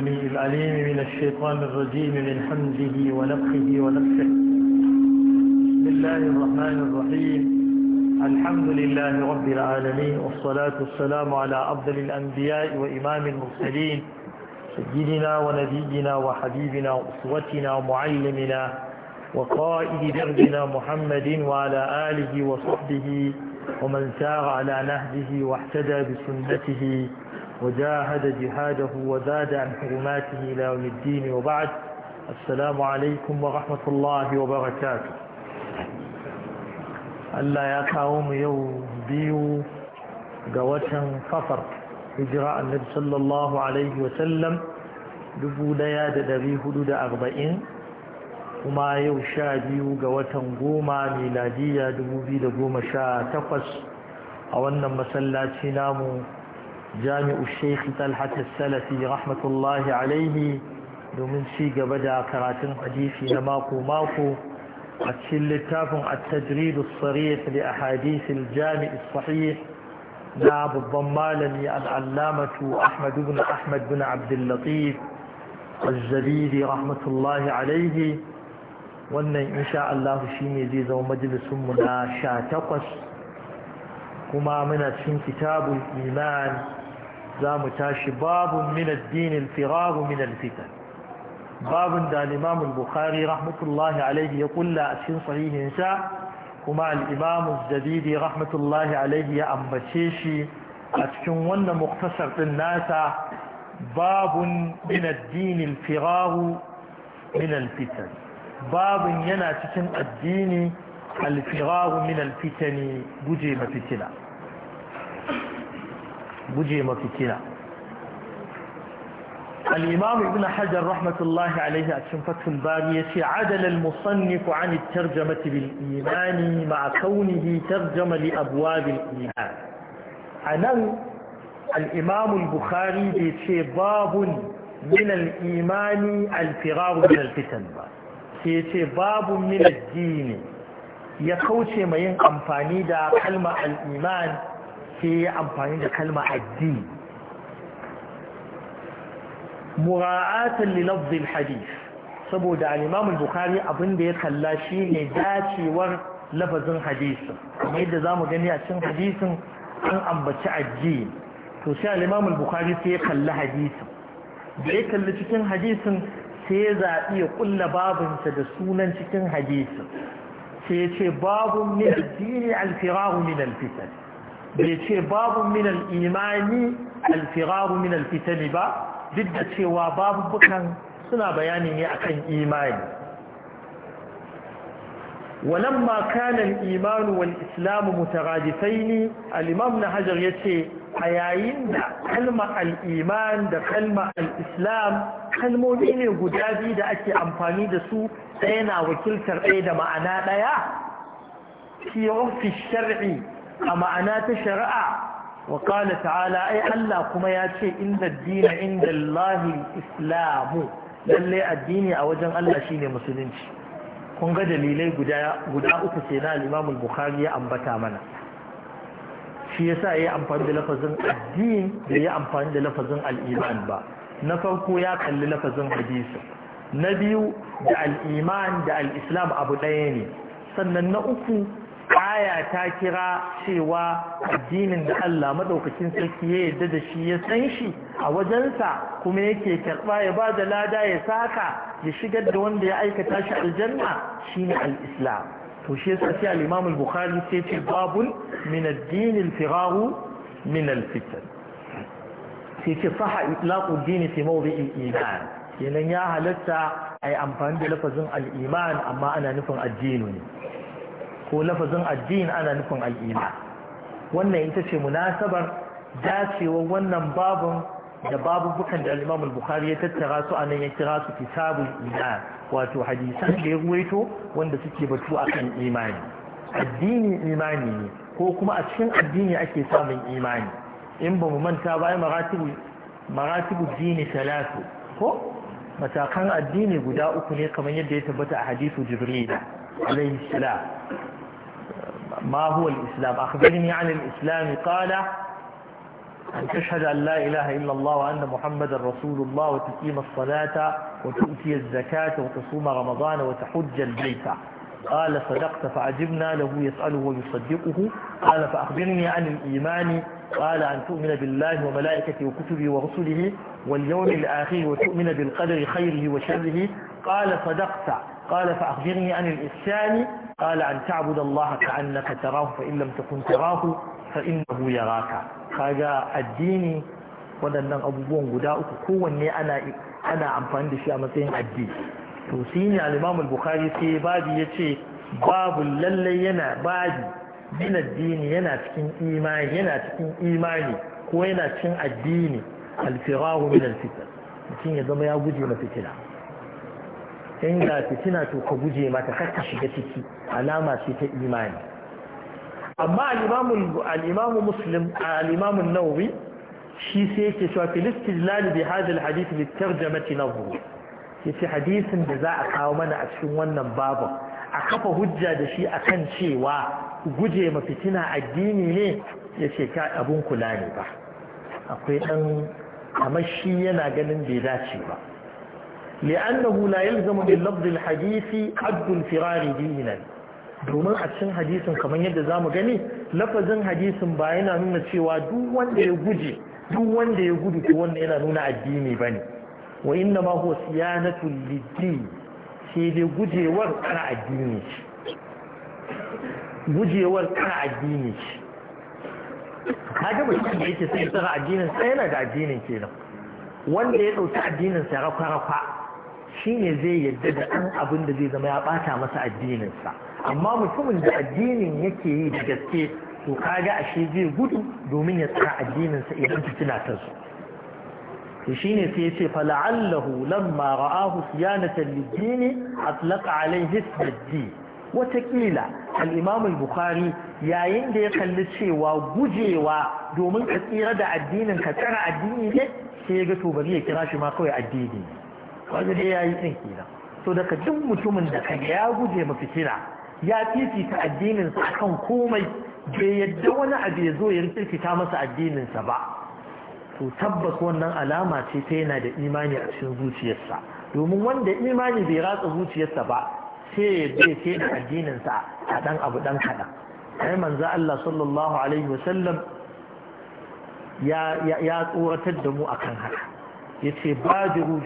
من العليم من الشيطان الرجيم من حمده ونفخه ونفخه بسم الله الرحمن الرحيم الحمد لله رب العالمين والصلاة والسلام على أفضل الأنبياء وإمام المرسلين سيدنا ونبينا وحبيبنا وأسوتنا ومعلمنا وقائد دربنا محمد وعلى آله وصحبه ومن سار على نهجه واحتدى بسنته وجاهد جهاده وزاد عن حرماته إلى يوم الدين وبعد السلام عليكم ورحمة الله وبركاته Allah ya kawo mu yau biyu ga watan safar hijira annabi sallallahu alaihi wa sallam dubu da dari hudu da arba'in kuma yau sha biyu ga watan goma miladiya dubu sha takwas a wannan masallaci namu جامع الشيخ طلحة السلفي رحمة الله عليه domin ci gaba da karatun hadisi na mako-mako a cikin littafin at-tajridus sarih li ahadith al sahih na babban malami al-allamatu Ahmad ibn Ahmad bin Abdul Latif zabidi rahmatullahi alaihi wannan insha Allah ne zai zama majalisun mu na takwas kuma muna cin kitabul iman za mu tashi babun min addini al-firaru min al-fitan babun da al-imam al-bukhari rahmatullahi alayhi ya kulla a cikin sahihin sa kuma al-imam az-zabidi rahmatullahi alayhi ya ambace shi a cikin wannan muktasar din nasa babun min addini al-firaru min al-fitan babun yana cikin addini al-firaru min al-fitani guje ma fitina guje mafikina al’imam ibn hajjar rahmatullahi alaihi a cikin bari yace ce adalal musannifu an tarjama bil imani ma a kaunihi tarjama li abuwa bil imani a al-bukhari da ce babun min al’imani alfirarun min alfitan ba ke ce babun min al ya kauce ma yin amfani da kalma al’imani sai ya amfani da kalma addini mura'atan lilafzin hadith saboda al'imamun bukari abinda ya kalla shi ne dacewar lafazin hadisin kuma yadda za mu gani a cikin hadisin an ambaci addini to sai al'imamun bukari sai ya kalla hadisin da ya kalli cikin hadisin sai ya zaɓi ya ƙulla babinsa da sunan cikin hadisin sai ya ce babu min addini alfirahu min alfitar bai ce babu minal imani alfiraru minal fitani ba duk da cewa babu bukan suna bayani ne akan imani wannan makanan imanu wal islamu mutaradifai ne alimam na hajar ya ce a yayin da kalma al’iman da kalma al’islam kalmomi ne guda biyu da ake amfani da su ɗaya na wakiltar ɗaya da ma’ana ɗaya ƙiyar fi shari’i a ma'ana ta shari'a ta'ala, Ai Allah kuma ya ce inda dina inda Allah islamu, lalle addini a wajen Allah shi ne musulunci. kun ga dalilai guda uku ce na al bukari ya ambata mana shi yasa yi amfani da lafazin addini da ya amfani da lafazin al'iman ba na farko ya kalli lafazin hadisi na biyu da al'iman da al'islam abu ɗaya ne sannan na uku aya ta kira cewa addinin da Allah madaukakin sarki ya yarda da shi ya san shi a wajensa kuma yake karɓa ya ba da lada ya saka ya shigar da wanda ya aikata shi aljanna shine al-islam to shi yasa sai al-imam al-bukhari sai ce babun min ad-din al min al-fitan sai ce saha itlaqu ad-din fi mawdi'i al-iman kenan ya halatta ai amfani da lafazin al-iman amma ana nufin addini ne ko lafazin addini ana nufin al'ima wannan ita ce munasabar dacewar wannan babun da babubukan da al'imamul bukhari ya tattara su a nan ya kira su kitabul iman wato hadisan da ya ruwaito wanda suke batu akan imani addini imani ne ko kuma a cikin addini ake samun imani in ba mu manta ba ya maratibu dini talatu ko matakan addini guda uku ne kamar yadda ya tabbata a hadisu jibril alayhi salam ما هو الإسلام أخبرني عن الإسلام قال أن تشهد أن لا إله إلا الله وأن محمد رسول الله وتقيم الصلاة وتؤتي الزكاة وتصوم رمضان وتحج البيت قال صدقت فعجبنا له يسأله ويصدقه قال فأخبرني عن الإيمان قال أن تؤمن بالله وملائكته وكتبه ورسله واليوم الآخر وتؤمن بالقدر خيره وشره قال صدقت قال فأخبرني عن الإحسان قال أن تعبد الله كأنك تراه فإن لم تكن تراه فإنه يراك kaga addini waɗannan abubuwan guda uku kowanne ana amfani da shi a matsayin addini to shi ne al bukhari sai babu yace babu lallai yana babu min addini yana cikin imani yana cikin imani ko yana cikin addini al-firahu min al-fitn mutum ya zama ya guje ma fitina in ga fitina to ka guje mata kar shiga ciki alama ce ta imani amma al'imamu muslim al-imamu shi sai yake cewa filistin lali bi hadal hadith bi tarjamati buru yace hadisin da za a kawo mana a cikin wannan babu a kafa hujja da shi a kan cewa guje ma fitina addini ne ya ce ka abin kula ne ba akwai ɗan kamar shi yana ganin bai dace ba لأنه لا يلزم من لفظ الحديث حد الفرار دينا domin a cikin hadisin kamar yadda za mu gani lafazin hadisin ba yana nuna cewa duk wanda ya guje duk wanda ya gudu to wanda yana nuna addini bane wa inna ma huwa siyanatu liddi sai dai gujewar kana addini ce gujewar kana addini ce kaga mutum da yake sai tsara addinin sa yana da addinin kenan wanda ya dauki addinin sa rafa rafa Shi ne zai yadda da ɗan abin da zai zama ya ɓata masa addininsa amma mutumin da addinin yake yi da gaske to kaga ashe zai gudu domin ya tsara addininsa idan fitina ta zo to shine sai yace fa la'allahu lamma ra'ahu siyanatan lid-dini atlaqa alayhi ism watakila al-imam al-bukhari yayin da ya kalli cewa gujewa domin ka tsira da addinin ka tsara addini ne sai ya ga to bari ya kira shi ma kawai addini wanda dai yayi din kenan so daga duk mutumin da kaga ya guje mafi fitina ya fifita addininsa a akan komai bai yadda wani abu ya zo ya rikirkita masa addininsa ba to tabbas wannan alama ce ta yana da imani a cikin zuciyarsa domin wanda imani bai ratsa zuciyarsa ba sai ya bai da addininsa a ɗan abu dan kadan ai manzo Allah sallallahu alaihi wasallam ya ya tsoratar da mu akan haka يتي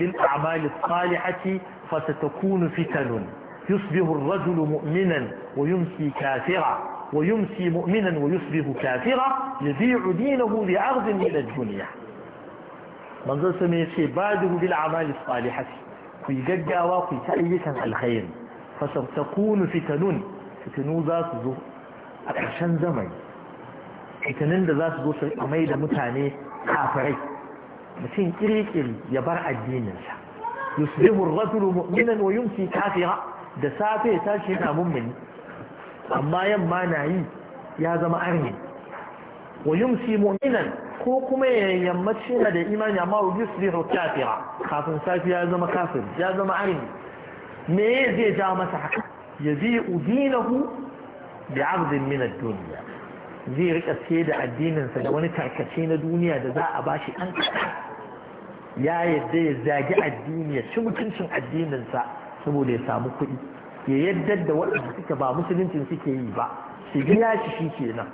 بالأعمال الصالحة فستكون فتن يصبح الرجل مؤمنا ويمسي كافرا ويمسي مؤمنا ويصبح كافرا يبيع دينه لعرض من الدنيا من ذا سمي يتي بالأعمال الصالحة في جدا وفي تأيكا الخير فستكون فتن fitinu ذات su zo زمن ƙarshen ذات fitinin da za كافرين mutum kirkiri ya bar addininsa yusbihu ar-rajulu mu'minan wa yumsi kafira da safe ya tashi yana mummuni amma yamma na yi ya zama arni wa yumsi mu'minan ko kuma ya yammaci yana da imani amma wa yusbihu kafira kafin safe ya zama kafir ya zama arni me zai ja masa haka yazi'u bi bi'arzin min ad-dunya zai rika sai da addininsa da wani tarkace na duniya da za a bashi an kaɗa ya yadda ya zagi addini ya ci mutuncin addininsa saboda ya samu kuɗi ya yadda da waɗanda suka ba musuluncin suke yi ba su biya shi shi nan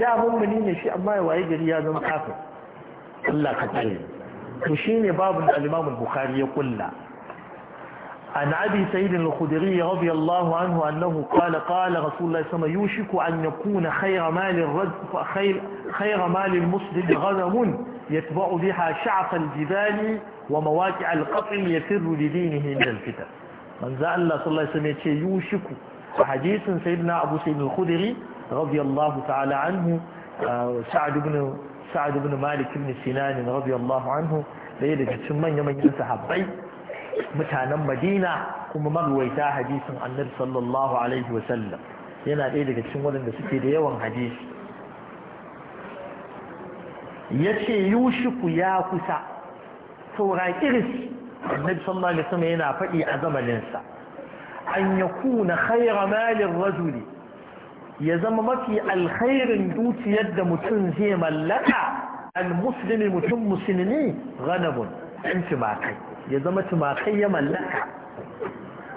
da mummuni ne shi amma ya waye gari ya zama kafin Allah ka tsare to shine babu da al-Imam bukhari ya kulla عن أبي سيد الخدري رضي الله عنه أنه قال قال رسول الله صلى الله عليه وسلم يوشك أن يكون خير مال خير, خير مال المسلم غنم يتبع بها شعف الجبال ومواقع القطن يفر لدينه من الفتن من ذا الله صلى الله عليه وسلم يوشك وحديث سيدنا أبو سيد الخدري رضي الله تعالى عنه آه، سعد بن سعد بن مالك بن سنان رضي الله عنه ليلة من يمين صحابي mutanen madina kuma marwaita hadisin annabi sallallahu alaihi wasallam yana ɗaya daga cikin waɗanda suke da yawan hadisi ya ce yushiku ya kusa saura iris annabi sallallahu alaihi wasallam yana faɗi a zamaninsa an ya kuna khaira malin rajuli ya zama mafi alkhairin dukiyar da mutum zai mallaka al musulmi mutum musulmi ghanabun ɗan kai. ya zama tumakai ya mallaka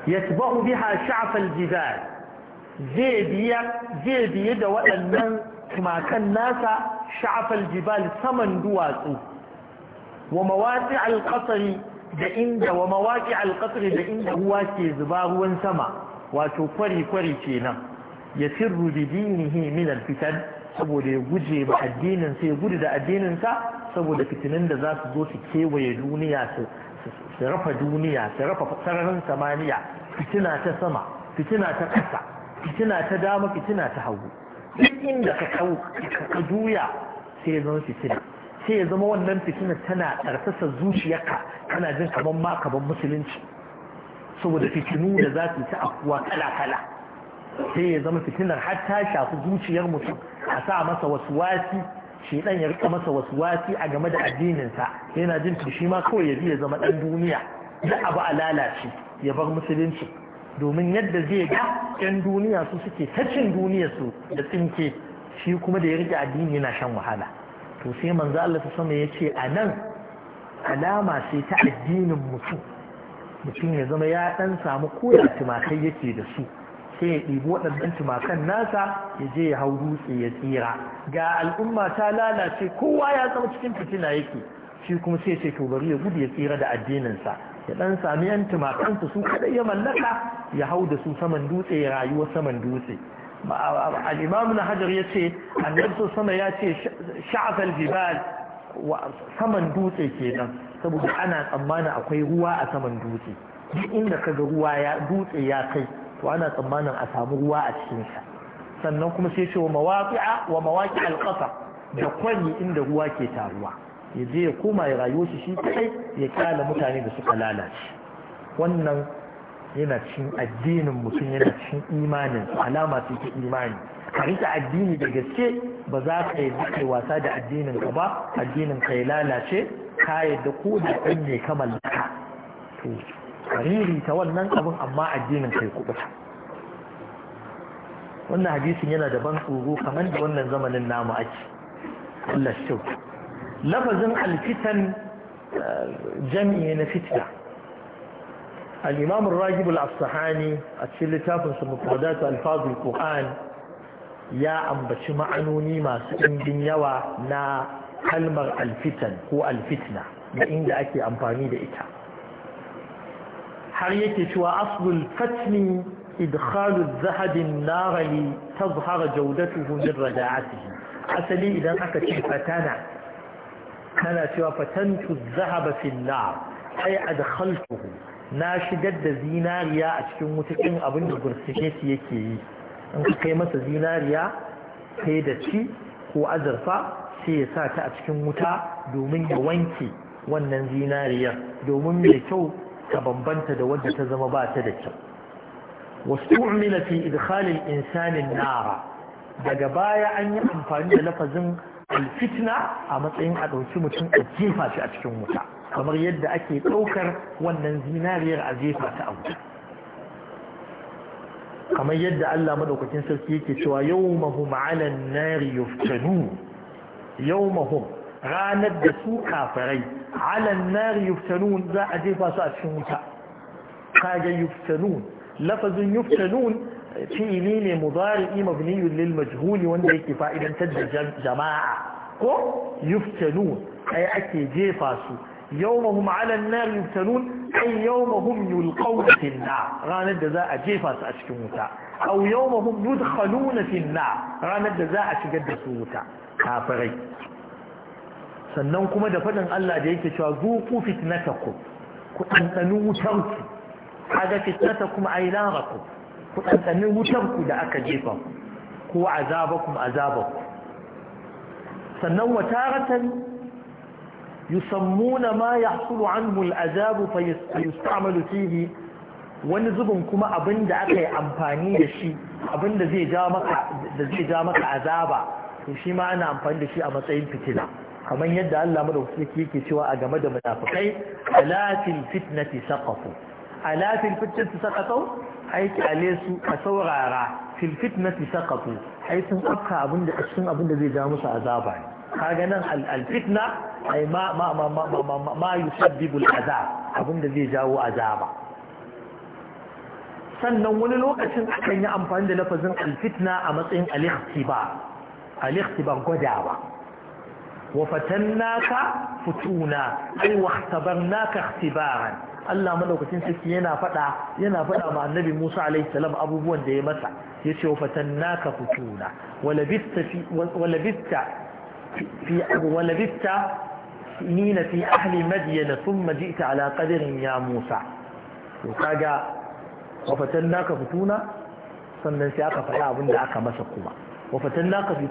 ya tubahu biha sha'afal jibal zai biya biye da waɗannan tumakan nasa sha'afal jibal saman duwatsu wa mawaki alƙasari da inda wa alƙasari da inda ruwa ke zuba ruwan sama wato kwari-kwari kenan ya fi bi dinihi fitar saboda ya guje ba ya gudu da addininsa saboda fitinin da za su zo su kewaye duniya su su rafa duniya su rafa sararin samaniya fitina ta sama fitina ta ƙasa fitina ta dama fitina ta hagu duk inda ka juya sai ya zama fitina sai ya zama wannan fitina tana ƙarfasa zuciyarka kana jin kamar ma musulunci saboda fitinu da za su ta afuwa kala-kala sai ya zama fitinar har ta shafi zuciyar mutum a sa masa wasu wasi shedan ya rika masa wasi a game da addininsa yana jin to shi ma kawai ya bi ya zama ɗan duniya da abu a lalace ya bar musulunci domin yadda zai ga yan duniya su suke ta cin duniyar su da tsinke shi kuma da ya rike addini yana shan wahala to sai manzo Allah ta sama yace a nan alama sai ta addinin mutum mutum ya zama ya ɗan samu koya tumakai yake da su sai ya ɗibi waɗannan tumakan nasa ya je ya hau dutse ya tsira ga al'umma ta lalace kowa ya zama cikin fitina yake shi kuma sai ce bari ya gudu ya tsira da addininsa ya ɗan sami yan tumakansa su kaɗai ya mallaka ya hau da su saman dutse ya rayuwa saman dutse al'imamu na hajar ya ce annabta sama ya ce sha'afal jibal saman dutse kenan saboda ana tsammanin akwai ruwa a saman dutse duk inda kaga ruwa ya dutse ya kai to ana tsammanin a samu ruwa a cikin sa sannan kuma sai ce wa mawaqi'a wa mawaqi al da kwani inda ruwa ke taruwa ya je ya koma ya rayu shi shi kai ya kyala mutane da suka lalace wannan yana cikin addinin mutum yana cikin imanin alama ce ta imani ka rika addini da gaske ba za ka yi kai wasa da addinin ka ba addinin ka ya lalace ka yadda ko da ɗan ne ka ta wannan abin amma addinin kai kuɗi. wannan hadisin yana da ban tsoro kamar da wannan zamanin namu ake Allah lafazin alfitan eh, jami'i na fitna al-imam ar-ragib al a cikin littafin sa mufradat al quran ya ambaci ma'anoni masu ɗimbin yawa na kalmar alfitan ko alfitna da inda ake amfani da ita har yake cewa aslul fatni idkhalu zahabin narali tazhara jaudatuhu min rada'atihi asali idan aka ce fatana kana cewa fatantu zahaba fil nar adkhaltuhu na shigar da zinariya a cikin wutukin abin da gursusheti yake yi in ka kai masa zinariya sai da ci ko azurfa sai ya sa ta a cikin wuta domin ya wanke wannan zinariyar domin mai kyau ka bambanta da wadda ta zama ba ta da kyau wastu'mila fi idkhalil insanin nara daga baya an yi amfani da lafazin alfitna a matsayin a ɗauki mutum a jefa shi a cikin wuta kamar yadda ake ɗaukar wannan zinariyar a jefa ta a wuta kamar yadda Allah maɗaukacin sarki yake cewa yawmahum 'alan nari yuftanu yawmahum ranar da su kafirai على النار يفتنون ذا أجيبا سأتشموتا قاج يفتنون لفظ يفتنون في فعلين مضارئ مبني للمجهول وانده اكتفاء إذا انتد جماعة يفتنون أي أكي جيفا يومهم على النار يفتنون أي يومهم يلقون في النار غاند ذا أجيفا سأتشموتا أو يومهم يدخلون في النار غاند ذا أشجد سوتا كافرين sannan kuma da faɗin Allah da yake cewa zuku fitnatakum ku ɗanɗani wutarku kaga fitnatakum ay narakum ku ɗanɗani wutarku da aka jefa ku ko azabakum azabakum sannan wa wataratan yusammuna ma yahsulu anhu al'azabu fayusta'malu fihi wani zubin kuma abin da aka yi amfani da shi abin da zai ja maka azaba to shi ma ana amfani da shi a matsayin fitila kamar yadda Allah madaukaki yake cewa a game da munafikai alatil fitnati saqafu alatil fitnati saqafu ai kyale su a saurara fil fitnati saqafu ai sun afka abin da cikin abin da zai ja musu azaba kaga nan al fitna ai ma ma ma ma ma ma, ma yusabbibu al azab abin da zai jawo azaba sannan wani lokacin akan yi amfani da lafazin al fitna a matsayin al ikhtibar al ikhtibar gwadawa وفتناك فتونا أي واختبرناك اختبارا Allah malaukacin suke yana fada yana fada wa annabi Musa alaihi abubuwan da ya masa yace wa fatannaka futuna walabitta fi nina fi ahli madyana thumma ji'ta ala qadrin ya Musa to kaga wa fatannaka futuna sannan sai aka fada da aka masa kuma wa na ka bi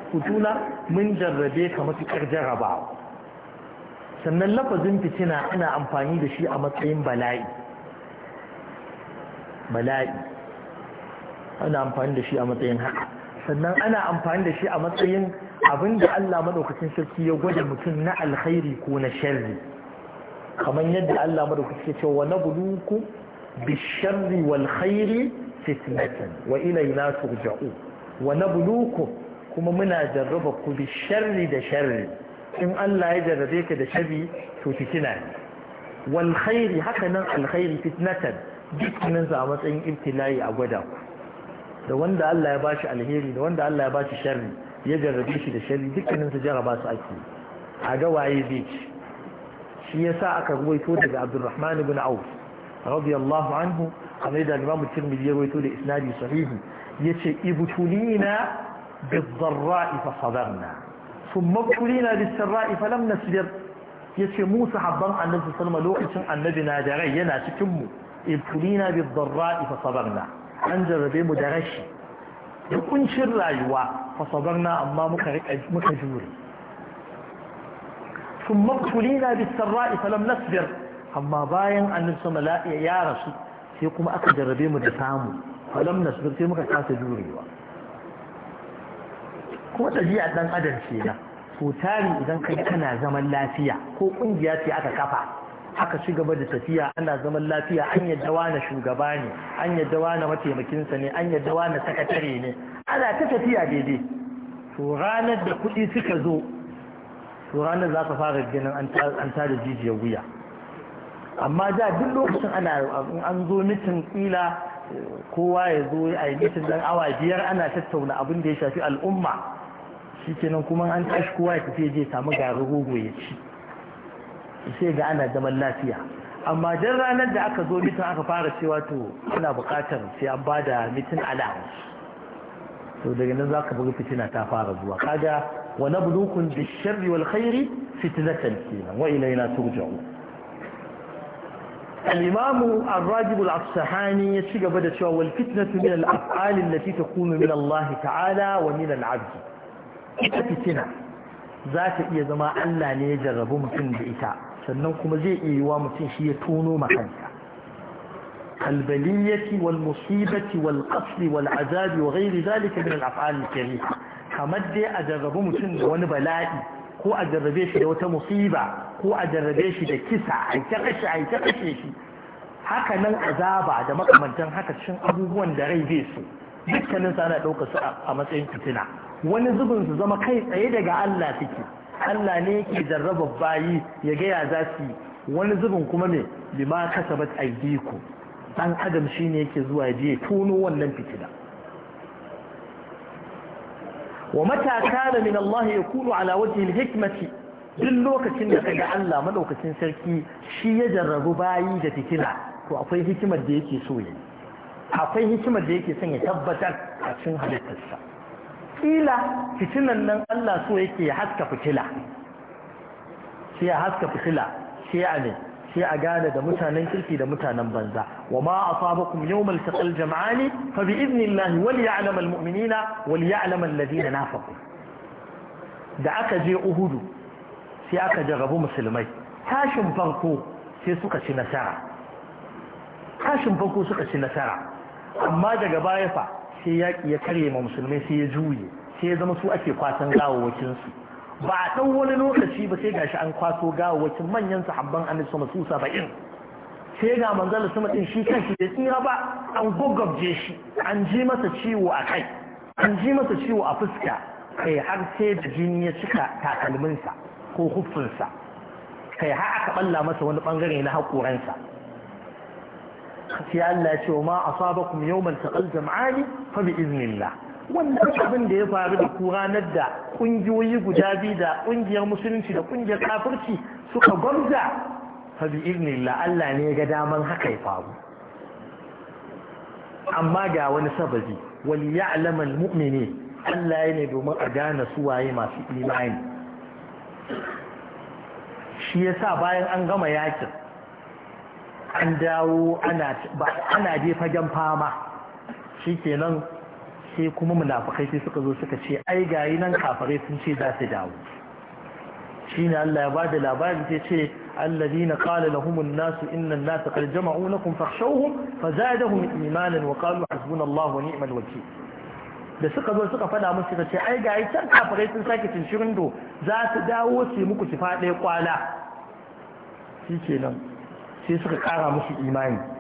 mun jarrabe ka matuƙar jarrabawa sannan lafazin fitina ana amfani da shi a matsayin bala'i bala'i ana amfani da shi a matsayin haka sannan ana amfani da shi a matsayin abin da Allah maɗaukacin sarki ya gwada mutum na alkhairi ko na sharri kamar yadda Allah maɗaukacin ya ce wa na buluku bisharri walkhairi khairi fitnatan wa ilaina turja'u wa nabluku kuma muna jarraba ku bi sharri da sharri in Allah ya jarrabe ka da sharri to fitina ne wal khairi haka nan khairi fitnatan dukkanin a matsayin ibtila'i a gwada ku da wanda Allah ya bashi alheri da wanda Allah ya bashi sharri ya jarrabe shi da sharri dukkanin su jarraba su ake a ga waye zai ci shi yasa aka ruwaito daga Abdurrahman ibn Auf radiyallahu anhu kamar da Imam Tirmidhi ya ruwaito da isnadi sahihi yace ibtulina bizarra'i fa sabarna thumma ibtulina bisarra'i fa lam nasbir yace mu sahabban annabi sallallahu alaihi lokacin annabi na da rai yana cikin mu ibtulina bizarra'i fa sabarna an jarrabe mu da rashi da kuncin rayuwa fa sabarna amma muka muka jure thumma ibtulina bisarra'i fa lam nasbir amma bayan annabi sallallahu ya rasu sai kuma aka jarrabe mu da samu falam na sai muka kasa jurewa ko ɗabi'a dan adam ce na ko tari idan kai kana zaman lafiya ko ƙungiya ce aka kafa aka ci gaba da tafiya ana zaman lafiya an yadda wani shugaba ne an yadda wani mataimakinsa ne an yadda wani sakatare ne ana ta tafiya daidai to ranar da kuɗi suka zo to ranar za ka fara ganin an tada jijiyar wuya amma da duk lokacin ana an zo mitin kila kowa ya zo a yi mitin dan awa biyar ana tattauna abin da ya shafi al'umma shi kenan kuma an tashi kowa ya tafi je samu garin rogo ya ci sai ga ana zaman lafiya amma dan ranar da aka zo mitin aka fara cewa to ana buƙatar sai an bada mitin allowance to daga nan zaka bar fitina ta fara zuwa kaga wa nabluukum bish-sharri wal khairi fitnatan kenan wa ilayna turja'un الإمام الراجب العصحاني يشيق بدأ شوى والفتنة من الأفعال التي تكون من الله تعالى ومن العبد فتنة ذات إيه زماء ألا ليجرب متن بإتاء سننكم زي إيوا متن شي تونو مكانك البلية والمصيبة والقتل والعذاب وغير ذلك من الأفعال الكريهة حمد أجرب متن ونبلائي ko a jarrabe shi da wata musiba ko a jarrabe shi da kisa aike kashe kashe shi haka nan azaba da makamantan haka cikin abubuwan da rai zai so dukkanin sa ana ɗauka su a matsayin fitina wani zubin su zama kai tsaye daga Allah suke Allah ne yake jarraba bayi ya ga ya za su wani zubin kuma ne bima kasabat aidiku dan adam shine yake zuwa je tono wannan fitina ومتى كان من الله يكون على وجه الحكمة duk lokacin da kaga Allah madaukakin sarki shi ya jarrabu bayi da fitina to akwai hikimar da yake so yi akwai hikimar da yake son ya tabbatar a cikin halittarsa kila fitinan nan Allah so yake ya haska fitila sai ya haska fitila sai ya ne sai a gane da mutanen kirki da mutanen banza wa ma asabakum yawmal taqal jam'ani fa bi idnillahi wal ya'lam al mu'minina wal ya'lam na nafaqu da aka je uhudu sai aka rabu musulmai tashin farko sai suka ci nasara tashin farko suka ci nasara amma daga baya fa sai ya karye ma musulmai sai ya juye sai ya zama su ake kwatan gawawakin su ba a ɗan wani lokaci ba sai gashi an kwaso gawawacin manyan sahabban annabi sama su saba'in sai ga da sama ɗin shi shi da tsira ba an gogabje shi an ji masa ciwo a kai an ji masa ciwo a fuska kai har sai da jini ya cika takalminsa ko huffinsa kai har aka ɓalla masa wani bangare na haƙoransa sai Allah ya ce wa ma asabakum yawmal taqal jam'ani fa bi iznillah wannan abin da ya faru da ku ranar da ƙungiyoyi guda biyu da ƙungiyar musulunci da ƙungiyar kafirci suka gwamza fabi bi Allah ne ga damar haka ya faru amma ga wani sababi wani ya alamar mu'mini Allah ya ne domin a gane suwaye masu imani shi ya sa bayan an gama yakin an dawo ana ana je fagen fama nan. sai kuma munafikai sai suka zo suka ce ai gayi nan kafare sun ce za su dawo shine Allah ya bada labari sai ce alladhina qala lahum an-nas inna an-nas qad jama'u lakum fakhshawhum fazadahum imanan wa qalu hasbunallahu wa ni'mal wakeel da suka zo suka fada musu suka ce ai gayi can kafare sun sake cincirin do za su dawo su muku kifa ɗaya kwala shikenan sai suka kara musu imani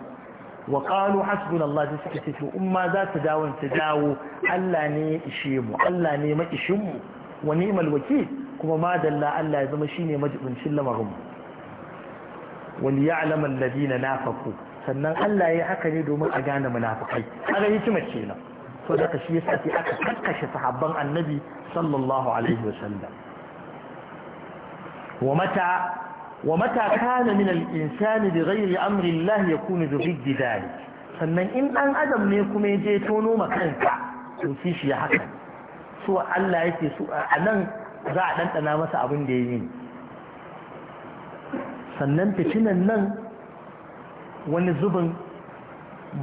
wa qalu hasbunallah sai suka ce to umma za ta dawo ta dawo Allah ne ya ishe mu Allah ne makishin mu wa ni'mal wakil kuma madalla Allah ya zama shine majibincin lamarin mu wal ya'lam alladhina nafaqu sannan Allah ya haka ne domin a gane munafikai kaga hikima kenan to da shi yasa sai aka kakashe sahabban annabi sallallahu alaihi sallam wa mata ومتى كان من الإنسان بغير أمر الله يكون بضد ذلك sannan in ɗan adam ne kuma ya je tono ma kanka to shi ya haka su Allah yake su a nan za a ɗanɗana masa abin da ya yi sannan fitinan nan wani zubin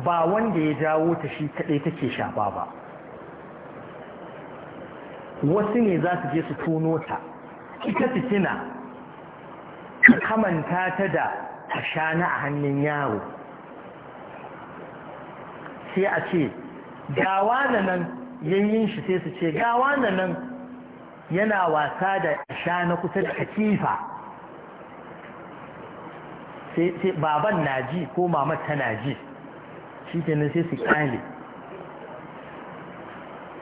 ba wanda ya jawo ta shi kaɗai take shafa ba wasu ne za su je su tono ta ita fitina ka kamanta ta da a shana a hannun yaro sai a ce gawa na nan yayin shi sai su ce gawa na nan yana wasa da shana kusa da akifa sai baban na ji ko mamar na ji shi kenan sai su kyale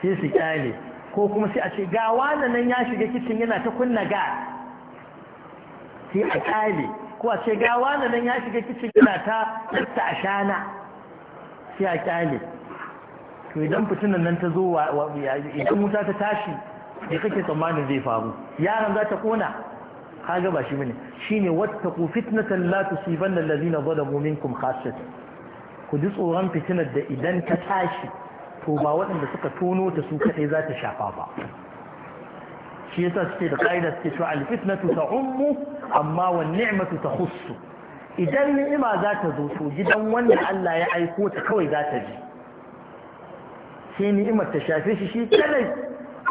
sai su kyale ko kuma sai a ce gawa na nan ya shiga kicin yana ta kunna gas sai a kyale ko a ce gawa na nan ya shiga kicin yana ta tsafta a shana sai a kyale to idan fitinan nan ta zo idan wuta ta tashi da kake tsammanin zai faru yaran za ta kona kaga ba shi bane shine wattaqu fitnatan la tusibanna allazina zalamu minkum khassatan ku ji tsoron fitinar da idan ta tashi to ba waɗanda suka tono ta su kaɗai za ta shafa ba shi yasa suke da ƙa'ida suke cewa alfitnatu ta ummu amma wa ni'matu ta hussu idan ni'ima za ta zo to gidan wanda Allah ya aiko ta kawai za ta ji sai ni'imar ta shafe shi shi kalai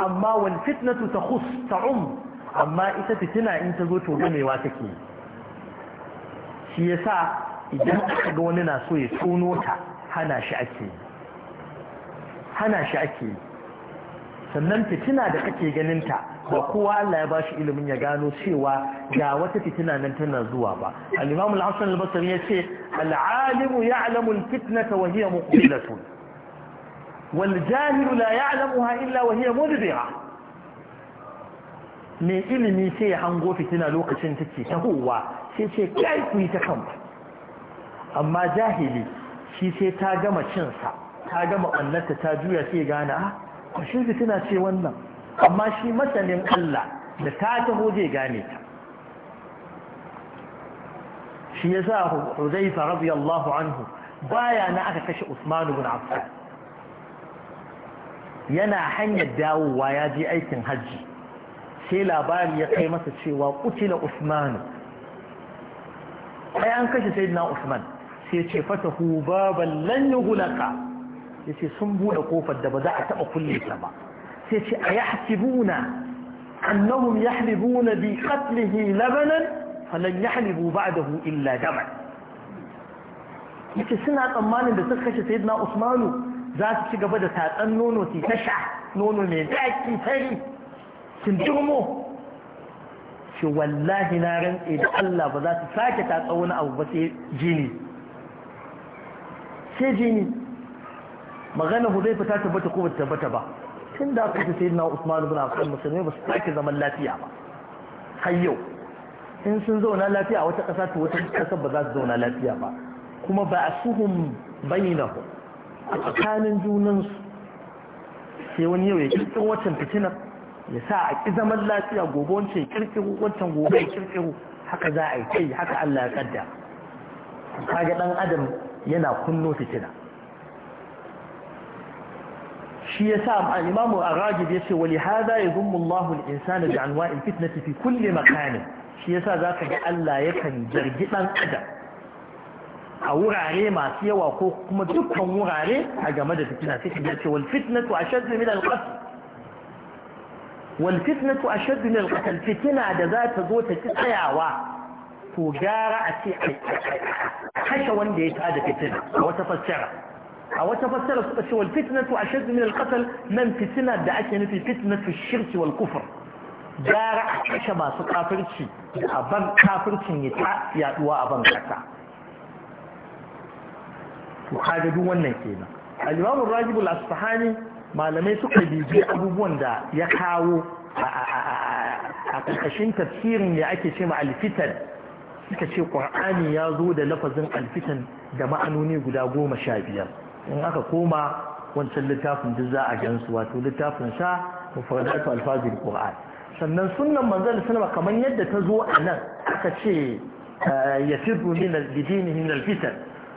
amma wa alfitnatu ta hus ta ummu amma ita fitina in ta zo to gamewa take shi yasa idan aka ga wani na so ya tono ta hana shi ake hana shi ake sannan fitina da kake ganinta ba kowa Allah ya ba shi ilimin ya gano cewa ga wata fitina nan tana zuwa ba al-imam al-hasan al-basri yace al-alimu ya'lamu al-fitnata wa hiya muqbilatun wal jahilu la ya'lamuha illa wa hiya mudbira me ilimi ce hango fitina lokacin take tahowa sai ce kai ku yi ta kanku amma jahili shi sai ta gama cinsa ta gama annata ta juya sai gane a ah, kwashin fitina ce wannan amma shi masanin Allah da ta taho zai gane ta shi ya sa huzaifa radiyallahu anhu baya na aka kashe usman ibn affan yana hanyar dawowa ya je aikin hajji sai labari ya kai masa cewa kutila usman ai an kashe sayyidina usman sai ce fatahu baban lan yughlaqa yace sun bude kofar da ba za a taba kulle ta ba سيتي أيحسبون أنهم يحلبون بقتله لبنا فلن يحلبوا بعده إلا دما yake suna tsammanin da suka kashe sayyidina Usmanu za su ci gaba da tatsan nono su ta sha nono mai zaki tari sun durmo ce wallahi na rantse da Allah ba za su sake tatsa wani abu ba sai jini sai jini magana hu zai fita tabbata ko bata tabbata ba tun da aka fi na Usman ibn Affan musulmi ba su sake zaman lafiya ba har yau in sun zauna lafiya a wata ƙasa to wata ƙasa ba za su zauna lafiya ba kuma ba a suhun ku a tsakanin junansu sai wani yau ya kirkiro wancan fitinar ya sa a ƙi zaman lafiya gobe wancan ya kirkiro wancan gobe ya kirkiro haka za a yi kai haka Allah ya kadda kaga ɗan adam yana kunno fitina shi yasa al-Imam Ar-Rajib yace wali hada yadhummu Allahu al-insana bi anwa'il fitnati fi kulli makan shi yasa zaka ga Allah yakan zargi dan adam a wurare masu yawa ko kuma dukkan wurare a game da fitina sai ya ce wal fitnatu ashaddu min al-qatl wal fitnatu ashaddu min al-qatl fitina da za ta zo ta ci tsayawa to gara a ce a kashe wanda ya tada fitina wata fassara وتفصل شو الفتنة أشد من القتل من فتنة دعك في فتنة الشرك والكفر جارع شبا سكافرش أبن كافرش يتعى يأتوى أبن كتا وحاجة دون نكينا الإمام الراجب الأصفحاني ما لم يسوك بيجي أبوبون دا يكاو أكشين تفسير لأكي شيء مع الفتن كشي قرآني يا زود لفظ الفتن دمعنوني قدابو مشابيه in aka koma wancan littafin duk za a gansu wato littafin sa mufradatu alfazil qur'an sannan sunnan manzon sallama kamar yadda ta zo a nan aka ce eh, yasirru min al-bidinihi min al-fitan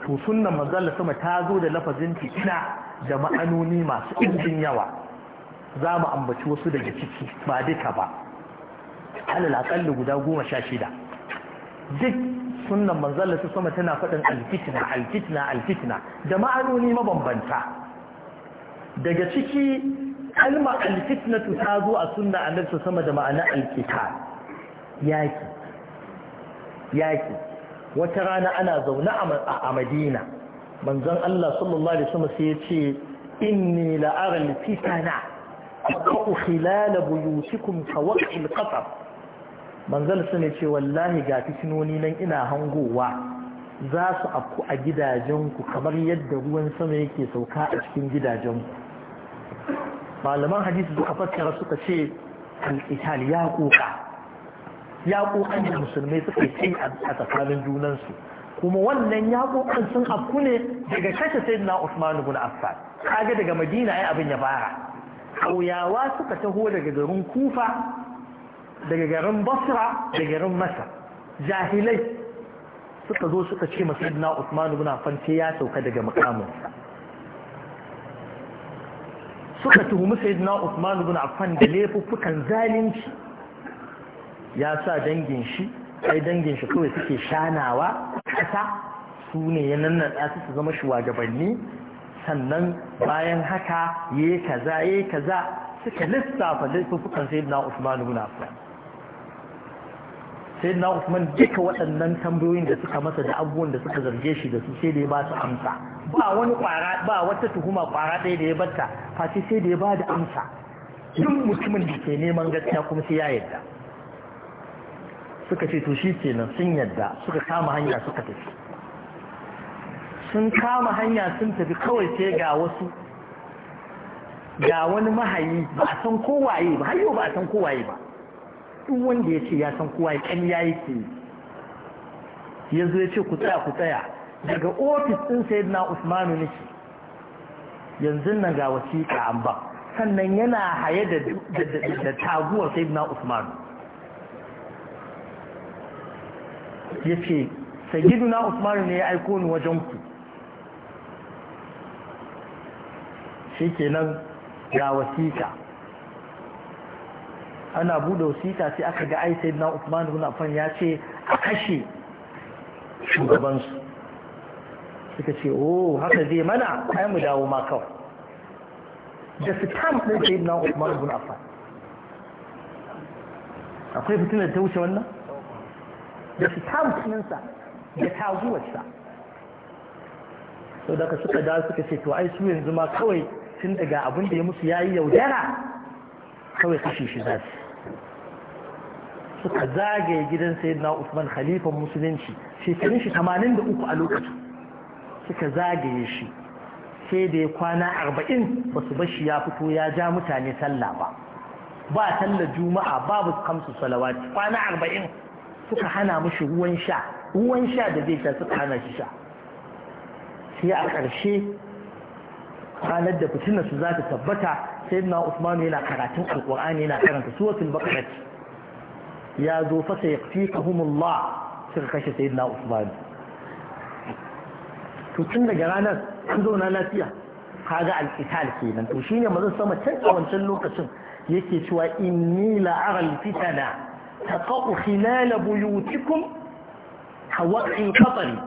to sunnan manzon sallama ta zo da lafazin fitina da ma'anoni masu injin yawa za mu ambaci wasu daga ciki ba duka ba alal aƙalli guda goma sha shida duk Sunan manzalla ta sama tana faɗin alfitna alfitna alfitna da ma'anoni mabambanta daga ciki kalma alfitnatu ta zo a sunna annabi ta sama da ma'ana alqital yaki yaki wata rana ana zaune a Madina manzon Allah sallallahu alaihi wasallam sai ya ce inni la'ara ka أقرأ خلال بيوتكم كوقع القطر manzal su ne ce wallahi ga fitinoni nan ina hangowa za su afku a gidajenku kamar yadda ruwan sama yake sauka a cikin gidajenku malaman hadisi suka fassara suka ce al ya koka ya kokan da musulmai suka yi a tsakanin junansu kuma wannan ya kokan sun afku ne daga kashe sayyidina Usman ibn Affan kaga daga Madina ya abin ya fara kauyawa suka taho daga garin Kufa daga garin basra da garin masa jahilai suka zo suka ce masayidina na usmanu guna sai ya sauka daga makaminsa suka tuhumi Sayyidina usman ibn affan da laifukan zalunci ya sa dangin shi ai dangin shi kawai suke shanawa kasa su ne ya nannaɗa su su zama shugabanni sannan bayan haka ya kaza ya kaza suka lissafa laifukan sayyidina Usman ibn Affan sai na Usman duka waɗannan tambayoyin da suka masa da abubuwan da suka zarge shi da su sai da ya ba su amsa ba wani kwara ba wata tuhuma kwara ɗaya da ya batta face sai da ya ba da amsa duk mutumin da ke neman gaskiya kuma sai ya yarda suka ce to shi kenan sun yarda suka kama hanya suka tafi sun kama hanya sun tafi kawai sai ga wasu ga wani mahayi ba a san kowaye ba har yau ba a san kowaye ba duk wanda ya ce ya san kowa ya kan yayi ya yanzu ya ce ku tsaya ku tsaya daga ofis ɗin sayyidina usmanu nake yanzu nan ga wasiƙa an ba sannan yana haye da taguwar sayyidina usmanu ya ce sayyidina usmanu ne ya aiko ni wajen ku shi kenan ga wasiƙa ana buɗe wasiƙa sai aka ga ai sayyidina Uthman ibn Affan ya ce a kashe shugaban su. suka ce oh haka zai mana ai mu dawo ma kawai da stamp ɗin sayyidina Uthman ibn Affan akwai fitinar ta wuce wannan da stamp ɗinsa da sa sau daga suka dawo suka ce to ai su yanzu ma kawai tun daga abin da ya musu yayi yaudara kawai kashe shi za su suka zagaye gidan sayyidina Usman khalifan musulunci shekarun shi 83 a lokacin suka zagaye shi sai da ya kwana 40 ba su bashi ya fito ya ja mutane sallah ba ba sallar juma'a babu kamsu salawati kwana 40 suka hana mushi ruwan sha ruwan sha da zai sha suka hana shi sha sai a ƙarshe ranar da fitinarsu za ta tabbata Sayyidina Usman yana karatun alƙur'ani yana karanta suratul baqarah ya zo fasa ya fi kahumullah suka kashe na usman to tun daga ranar an zauna lafiya kaga alqital kenan to shine mazan sama can a wancan lokacin yake cewa inni ta alfitana taqa'u khilal buyutikum hawa'i qatari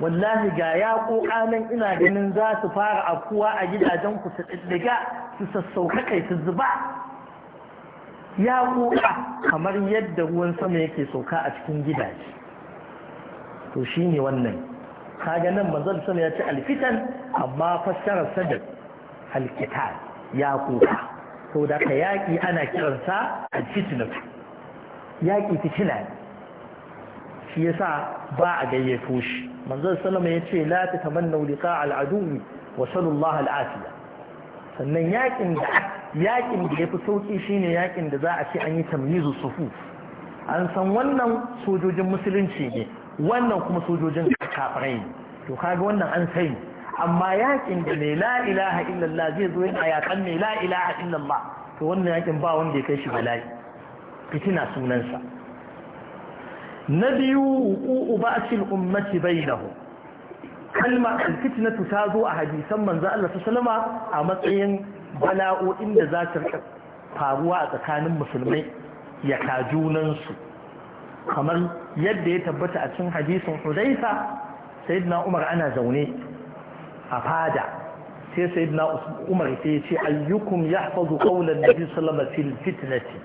wallahi ga ya kokanan ina ganin za su fara afkuwa a gidajen ku su diddiga su sassauka kai su zuba ya kuka kamar yadda ruwan sama yake sauka a cikin gidaje to ne wannan kaga nan manzon sama ya ce alfitan amma fassarar sadar alkitab ya kuka to da ka yaƙi ana kiransa alfitnat yaƙi fitina ne shi yasa ba a gayyato shi manzon sama ya ce la tatamannu liqa al aduwi wa sallallahu al afiya sannan yaƙin da yakin da ya fi sauki shine yakin da za a ce an yi tamyizu sufu an san wannan sojojin musulunci ne wannan kuma sojojin kafirai to kaga wannan an sani amma yakin da ne la ilaha illallah zai zo yana yakan ne la ilaha illallah to wannan yakin ba wanda ya kai shi bala'i fitina sunansa na biyu uku ba'sil ummati bainahu kalma alfitnatu ta zo a hadisan manzo Allah sallama a matsayin bala'o'in da za su faruwa a tsakanin musulmai ya ka junansu kamar yadda ya tabbata a cikin hadisin hudaisa sayyidina umar ana zaune a fada sai sayyidina umar sai ya ce ayyukum yahfazu qawlan nabi sallallahu alaihi wasallam fitnati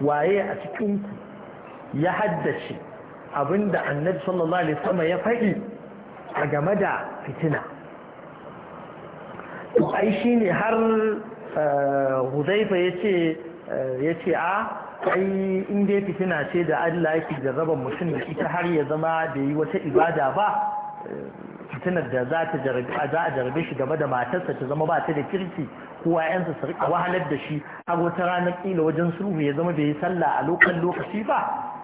waye a cikin ya haddace abinda annabi sallallahu alaihi wasallam ya faɗi a game da fitina ai shi ne har eh, huzaifa ya ce eh, a ai in dai fitina ce da Allah yake jarraban mutum da ita har ya zama da yi wata ibada ba eh, fitinar da za a jarabe shi game da matarsa ta zama ba ta da kirki ko yansa su rika wahalar da shi a wata ranar kila wajen sulhu ya zama bai yi sallah a lokacin lokaci ba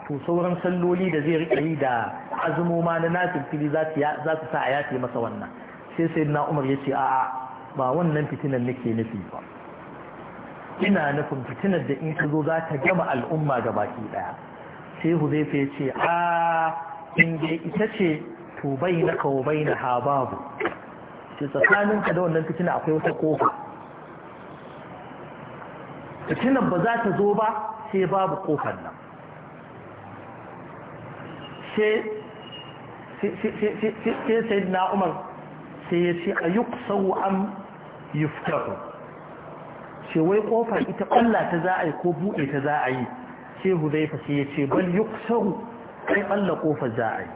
to sauran salloli da zai rika yi da azumoma na nafil fili za su sa a yafe masa wannan sai sai na umar ya ce a'a ba wannan fitinan nake nufi ba ina nufin fitinar da in kazo za ta gama al'umma ga baki daya sai huzaifa ya ce a in dai ita ce to bai na kawo bai na ha babu ce ka da wannan fitina akwai wata kofa fitinar ba za ta zo ba sai babu kofar nan sai sai na umar sai ya ce a yi kusurwa an yuftahu ce wai kofa ita Allah ta za a yi ko buɗe ta za a yi ce huzaifa sai ya ce bal yuksaru kai Allah kofa za a yi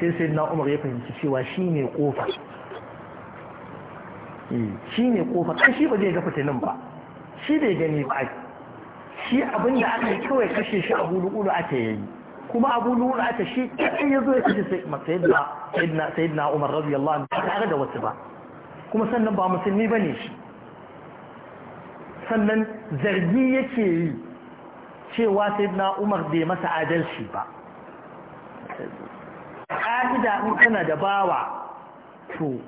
sai sai na umar ya fahimci cewa shi ne kofa eh, shi ne kofa kai shi ba zai ga fitinin ba shi bai gani ba shi abin da aka yi kawai kashe shi a hulu aka yi kuma abu lura aka shi kaɗai ya zo ya kashe sayidina umar radiyallahu anhu ba tare da wasu ba kuma sannan ba musulmi ba ne shi sannan zargi yake yi cewa na umar bai masa adalci ba ƙa'ida in kana da bawa to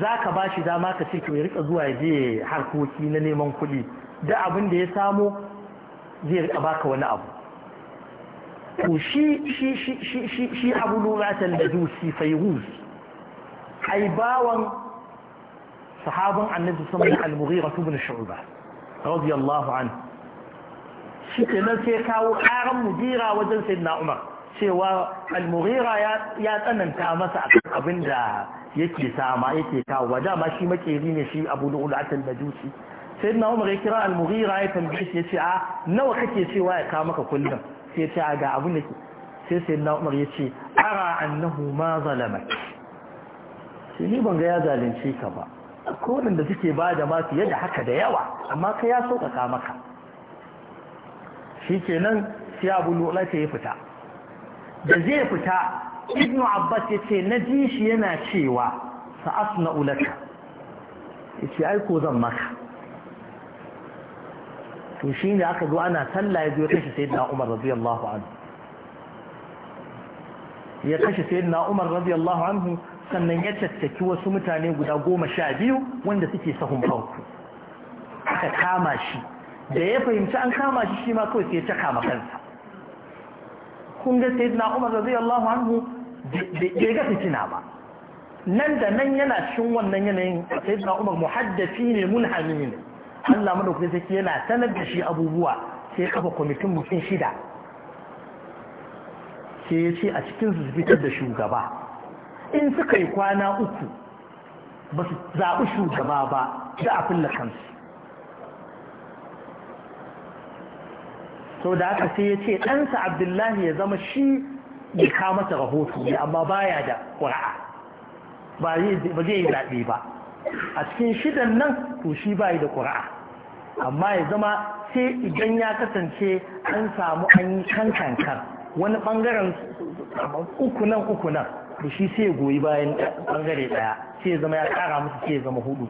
za ka ba shi dama ka ce to ya rika zuwa je harkoki na neman kuɗi da abin da ya samo zai rika baka wani abu to shi shi shi shi shi shi abu lulatan da dusi fayruz ai bawan sahabin annabi sama da al-mughira ibn shu'ba radiyallahu anhu shi kenan sai kawo karan mugira wajen sayyidina umar cewa al-mughira ya tsananta masa abin da yake sama yake kawo ba dama shi makeri ne shi abu lulatan da dusi sayyidina umar ya kira al-mughira ya tambaye shi ya ce a nawa kake cewa ya kawo maka kullum sai ce a ga abin da sai sai na umar ya ce ara annahu ma zalamak sai ni ban ga ya zalunce ka ba akwai da suke ba da ma fiye da haka da yawa amma ka ya sauƙaƙa maka shi kenan sai abu lola ta ya fita da zai fita ibn abbas ya ce na ji shi yana cewa asna ulaka ya ce aiko zan maka to shi ne aka zo ana sallah ya zo ya kashe sayyidina Umar radiyallahu anhu ya kashe sayyidina Umar radiyallahu anhu sannan ya tattaki wasu mutane guda goma sha biyu wanda suke sahun farko aka kama shi da ya fahimci an kama shi shi ma kawai sai ya caka ma kansa kun ga sayyidina Umar radiyallahu anhu bai ga fitina ba nan da nan yana cikin wannan yanayin sayyidina Umar muhaddafi ne mulhami ne Allah madaukakin sarki yana sanar da shi abubuwa sai kafa kwamitin mutum shida sai ya ce a cikin su fitar da shugaba in suka yi kwana uku ba su zaɓi shugaba ba da a kulla kansu Sau da haka sai ya ce ɗansa abdullahi ya zama shi ya kama masa rahoto ne amma baya da ƙura'a ba zai yi zaɓe ba a cikin shidan nan to shi bai da ƙura'a amma ya zama sai idan ya kasance an samu an yi kankankan wani ɓangaren uku nan uku nan to shi sai goyi bayan ɓangare ɗaya sai ya zama ya ƙara musu sai ya zama hudu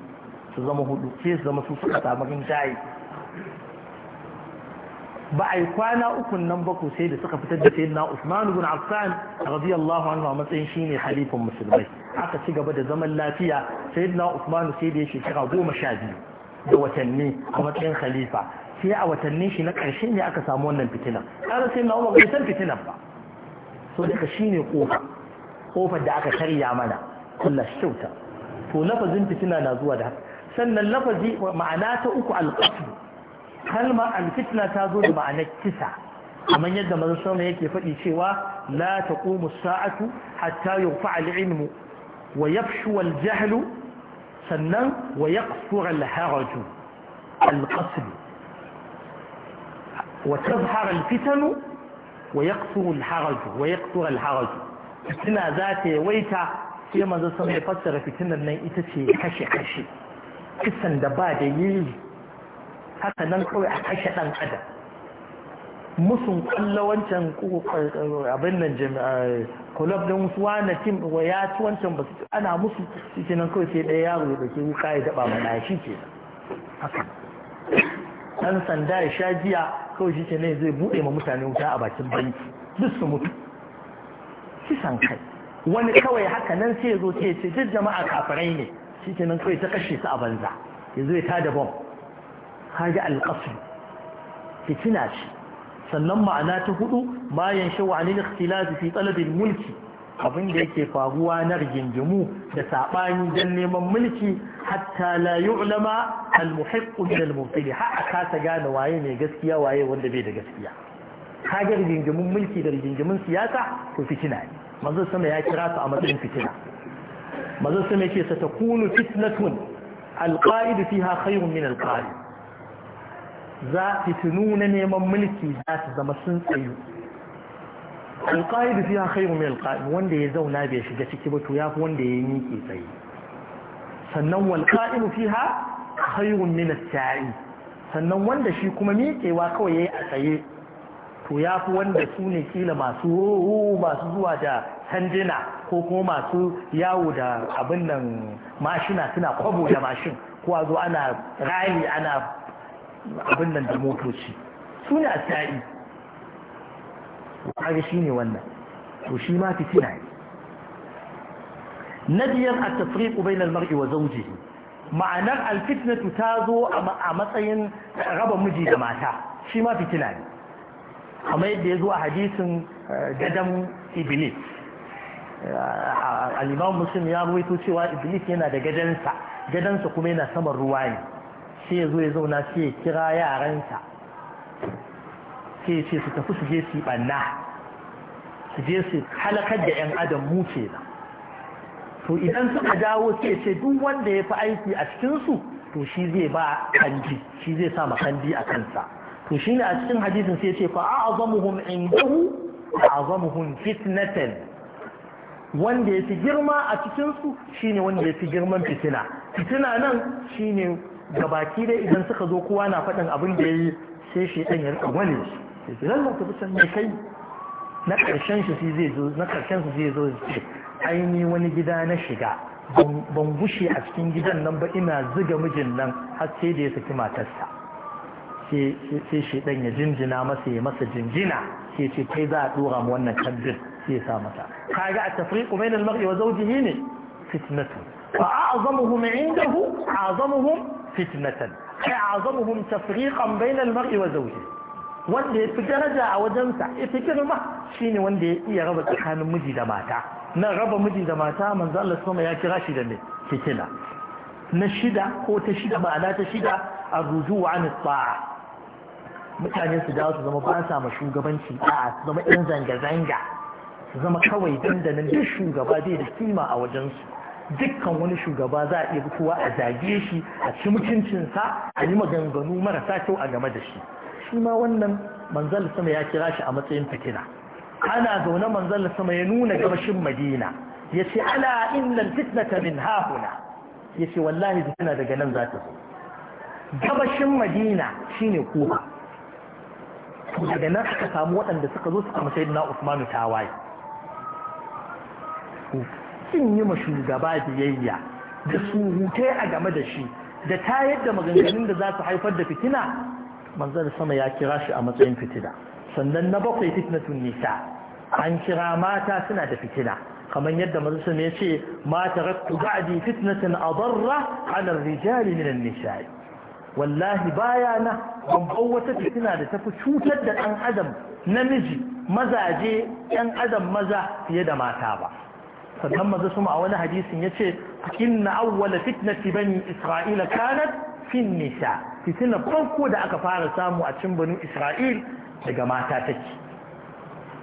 su zama hudu sai su zama su suka samu rinjaye ba a yi kwana ukun nan ba ku sai da suka fitar da sayyidina Usman ibn Affan radiyallahu anhu a matsayin shine halifan musulmai aka ci gaba da zaman lafiya sayyidina Usmanu sai da ya shekara goma sha biyu da watanni a matsayin khalifa sai a watannin shi na ƙarshe ne aka samu wannan fitinan ƙarar sai na umar san fitinan ba so daga shi ne ƙofa ƙofar da aka karya mana Allah shi kyauta to lafazin fitina na zuwa da haka sannan lafazi ma'ana ta uku alƙasu kalmar alfitina ta zo da ma'anar kisa kamar yadda mazan sama yake faɗi cewa la taqumu sa'atu hatta yurfa al-ilmu wa yafshu al jahlu sannan wa yaqsura al haraju al qasl wa fitanu wa yaqsuru haraju wa yaqsura haraju fitina za ta yawaita sai manzo sun ya fassara fitinan nan ita ce kashe kashe kisan da ba da yi haka nan kawai a kashe ɗan adam musun kwallo wancan abin nan kulab ɗin suwa na tim wa ya ci wancan ba su ana musu shi nan kawai sai ɗaya yaro ya ɗauki wuka ya daɓa mana shi ke haka ɗan sanda ya sha jiya kawai shi ke ne zai buɗe ma mutane wuta a bakin banki duk su mutu kisan kai wani kawai haka nan sai ya zo ce ce duk jama'a kafirai ne shi ke nan kawai ta kashe su a banza ya zo ya tada bom kaji alƙasu fitina shi. sannan ma'ana ta hudu bayan shawa ne ikhtilafi fi talabil mulki abin da yake faruwa na rigingimu da sabani dan neman mulki hatta la yu'lama al muhiq min al mubtili ha kasa gane waye mai gaskiya waye wanda bai da gaskiya kaga rigingimun mulki da rigingimun siyasa ko fitina ne manzo sama ya kira su a matsayin fitina manzo sama yake sa takunu fitnatun al qa'id fiha khayrun min al qa'id za fitinu na neman mulki za su zama sun tsayu alƙa'idu fiha khairu mai alƙa'idu wanda ya zauna bai shiga ciki ba to fi wanda ya miƙe tsaye sannan wal qa'imu fiha mu min na sai sannan wanda shi kuma miƙewa kawai yayi a tsaye to fi wanda su ne kila masu masu zuwa da sanjina ko kuma masu yawo da abin nan mashina suna kwabo da mashin ko a zo ana rali ana abin nan da motoci su ne a sa'i kaga shi ne wannan to shi ma fitina ne na biyar a tafriku bai na mar'i wa zauji ma'anar alfitnatu ta zo a matsayin raba miji da mata shi ma fitina ne kamar yadda ya zo a hadisin eh, gadon iblis eh, al'imam muslim ya ruwaito cewa iblis yana da gadansa gadansa kuma yana saman ruwa ne sai ya zo ya zauna sai ya kira yaransa sai ya ce su tafi su je su yi ɓanna su je su halakar da 'yan adam mu ce na to idan suka dawo sai ce duk wanda ya fi aiki a cikinsu to shi zai ba kanji shi zai sa kandi a kansa to shi ne a cikin hadisin sai ce fa azamuhum indahu azamuhum fitnatan wanda ya fi girma a cikinsu shine wanda ya fi girman fitina fitina nan shine gabaki dai idan suka zo kowa na faɗin abin da ya yi sai shi ɗan ya wani wale shi lallan tafi can mai kai na ƙarshen su zai zo na ƙarshen su zai zo ce aini wani gida na shiga ban gushe a cikin gidan nan ba ina ziga mijin nan har sai da ya saki matarsa sai shi ɗan ya jinjina masa ya masa jinjina sai ce kai za a ɗora mu wannan kambin sai ya sa mata kaga a tafriqu bainal mar'i wa zaujihi ne fitnatu fa a'zamuhum indahu a'zamuhum fitnatan a'azamuhum tafriqan bainal mar'i wa wanda ya fi daraja a wajensa ya fi girma shine wanda ya iya raba tsakanin miji da mata nan raba miji da mata manzo Allah sama ya kira shi da ne fitina na shida ko ta shida ma'ana ta shida a wa an tsaa mutane su dawo su zama ba sa ma shugabanci A'a su zama yan zanga zanga su zama kawai dandanin da shugaba bai da kima a wajensu dukkan wani shugaba za a iya fitowa a zage shi a ci mutuncinsa a yi maganganu marasa kyau a game da shi shi ma wannan manzal sama ya kira shi a matsayin fitina ana zaune manzal sama ya nuna gabashin madina ya ce ala fitna fitnata min hahuna ya ce wallahi fitina daga nan za ta zo gabashin madina shine kufa daga nan aka samu waɗanda suka zo suka masai na usmanu tawaye kin yi ma shugaba biyayya da surutai a game da shi da ta yadda maganganun da za su haifar da fitina manzon sama ya kira shi a matsayin fitina sannan na bakwai fitnatun nisa an kira mata suna da fitina kamar yadda manzon sama ya ce ma taraktu ba'di fitnatan adarra ala rijali min nisai wallahi baya na ban wata fitina da tafi cutar da ɗan adam namiji mazaje ɗan adam maza fiye da mata ba sannan maza suma a wani hadisin ya ce inna awwala fitnati bani isra'ila kanat fin nisa fitina farko da aka fara samu a cin banu isra'il daga mata take